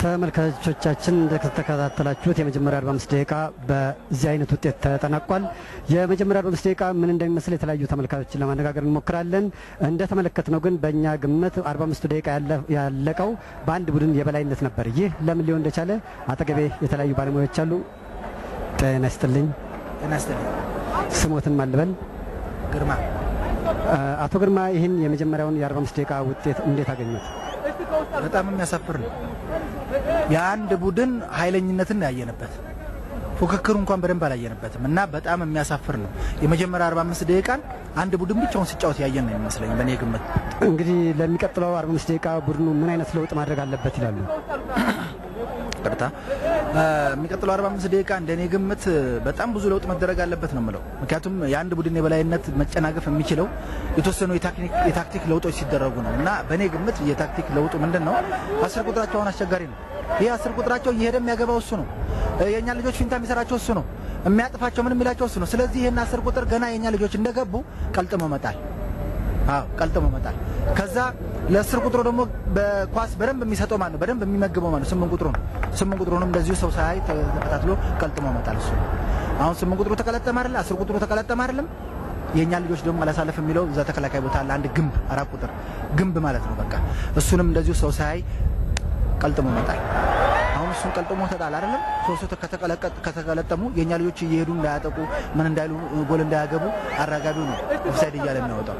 ተመልካቾቻችን እንደተከታተላችሁት የመጀመሪያ 45 ደቂቃ በዚህ አይነት ውጤት ተጠናቋል። የመጀመሪያ 45 ደቂቃ ምን እንደሚመስል የተለያዩ ተመልካቾችን ለማነጋገር እንሞክራለን። እንደተመለከትነው ግን በእኛ ግምት 45 ደቂቃ ያለቀው በአንድ ቡድን የበላይነት ነበር። ይህ ለምን ሊሆን እንደቻለ አጠገቤ የተለያዩ ባለሙያዎች አሉ። ጤና ይስጥልኝ። ስሞትን ማልበል ግርማ። አቶ ግርማ ይህን የመጀመሪያውን የ45 ደቂቃ ውጤት እንዴት አገኙት? በጣም የሚያሳፍር ነው። የአንድ ቡድን ኃይለኝነትን ያየንበት ፉክክሩ እንኳን በደንብ አላየንበትም እና በጣም የሚያሳፍር ነው። የመጀመሪያ 45 ደቂቃን አንድ ቡድን ብቻውን ሲጫወት ያየን ነው የሚመስለኝ በእኔ ግምት። እንግዲህ ለሚቀጥለው 45 ደቂቃ ቡድኑ ምን አይነት ለውጥ ማድረግ አለበት ይላሉ? ይቅርታ የሚቀጥለው 45 ደቂቃ እንደኔ ግምት በጣም ብዙ ለውጥ መደረግ አለበት ነው የምለው። ምክንያቱም የአንድ ቡድን የበላይነት መጨናገፍ የሚችለው የተወሰኑ የታክቲክ ለውጦች ሲደረጉ ነው እና በእኔ ግምት የታክቲክ ለውጡ ምንድን ነው? አስር ቁጥራቸው አሁን አስቸጋሪ ነው። ይህ አስር ቁጥራቸው እየሄደ የሚያገባው እሱ ነው። የእኛ ልጆች ፊንታ የሚሰራቸው እሱ ነው። የሚያጥፋቸው ምን የሚላቸው እሱ ነው። ስለዚህ ይህን አስር ቁጥር ገና የእኛ ልጆች እንደገቡ ቀልጥሞ መጣል አዎ ቀልጥሞ ይመጣል። ከዛ ለአስር ቁጥሩ ደግሞ በኳስ በደንብ የሚሰጠው ማነው? በደንብ የሚመግበው ማነው? ነው? ስምንት ቁጥሩ ነው። ስምንት ቁጥሩ ነው እንደዚሁ ሰው ሳይ ተከታትሎ ቀልጥሞ ይመጣል እሱ። አሁን ስምንት ቁጥሩ ተቀለጠመ አይደል? አስር ቁጥሩ ተቀለጠመ አይደለም? የእኛ ልጆች ደግሞ አላሳለፍ የሚለው እዛ ተከላካይ ቦታ አለ። አንድ ግንብ አራት ቁጥር ግንብ ማለት ነው። በቃ እሱንም እንደዚሁ ሰው ሳይ ቀልጥሞ ይመጣል። እሱን ቀልጦ ሞተጣል አይደለም። ሶስቱ ከተቀለጠሙ የእኛ ልጆች እየሄዱ እንዳያጠቁ ምን እንዳይሉ ጎል እንዳያገቡ አራጋቢው ነው ኦፍሳይድ እያለ የሚያወጣው።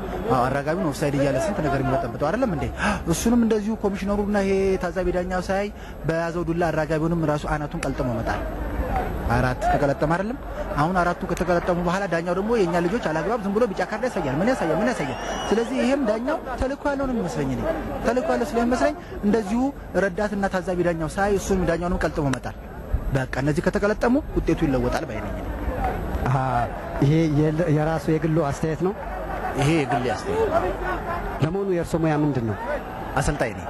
አራጋቢው ነው ኦፍሳይድ እያለ ስንት ነገር የሚበጠብጠው አይደለም እንዴ? እሱንም እንደዚሁ ኮሚሽነሩና ይሄ ታዛቢ ዳኛው ሳያይ በያዘው ዱላ አራጋቢውንም ራሱ አናቱን ቀልጥሞ መጣል። አራት ተቀለጠመ አይደለም። አሁን አራቱ ከተቀለጠሙ በኋላ ዳኛው ደግሞ የእኛ ልጆች አላግባብ ዝም ብሎ ቢጫ ካርድ ያሳያል፣ ምን ያሳያል፣ ምን ያሳያል። ስለዚህ ይሄም ዳኛው ተልእኮ ያለው ነው የሚመስለኝ እኔ ተልእኮ ያለው ስለሚመስለኝ እንደዚሁ ረዳትና ታዛቢ ዳኛው ሳይ እሱም ዳኛውንም ቀልጥሞ መጣል። በቃ እነዚህ ከተቀለጠሙ ውጤቱ ይለወጣል ባይነኝ። ይሄ የራሱ የግሉ አስተያየት ነው። ይሄ የግል አስተያየት። ለመሆኑ የእርሶ ሙያ ምንድን ነው? አሰልጣኝ ነኝ።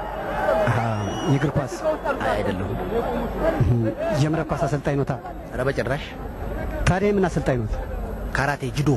የእግር ኳስ አይደለሁም። የመረብ ኳስ አሰልጣኝ ኖታ? ኧረ በጭራሽ። ታዲያ የምን አሰልጣኝ ኖት? ካራቴ፣ ጅዶ